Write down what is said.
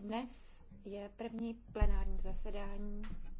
dnes je první plenární zasedání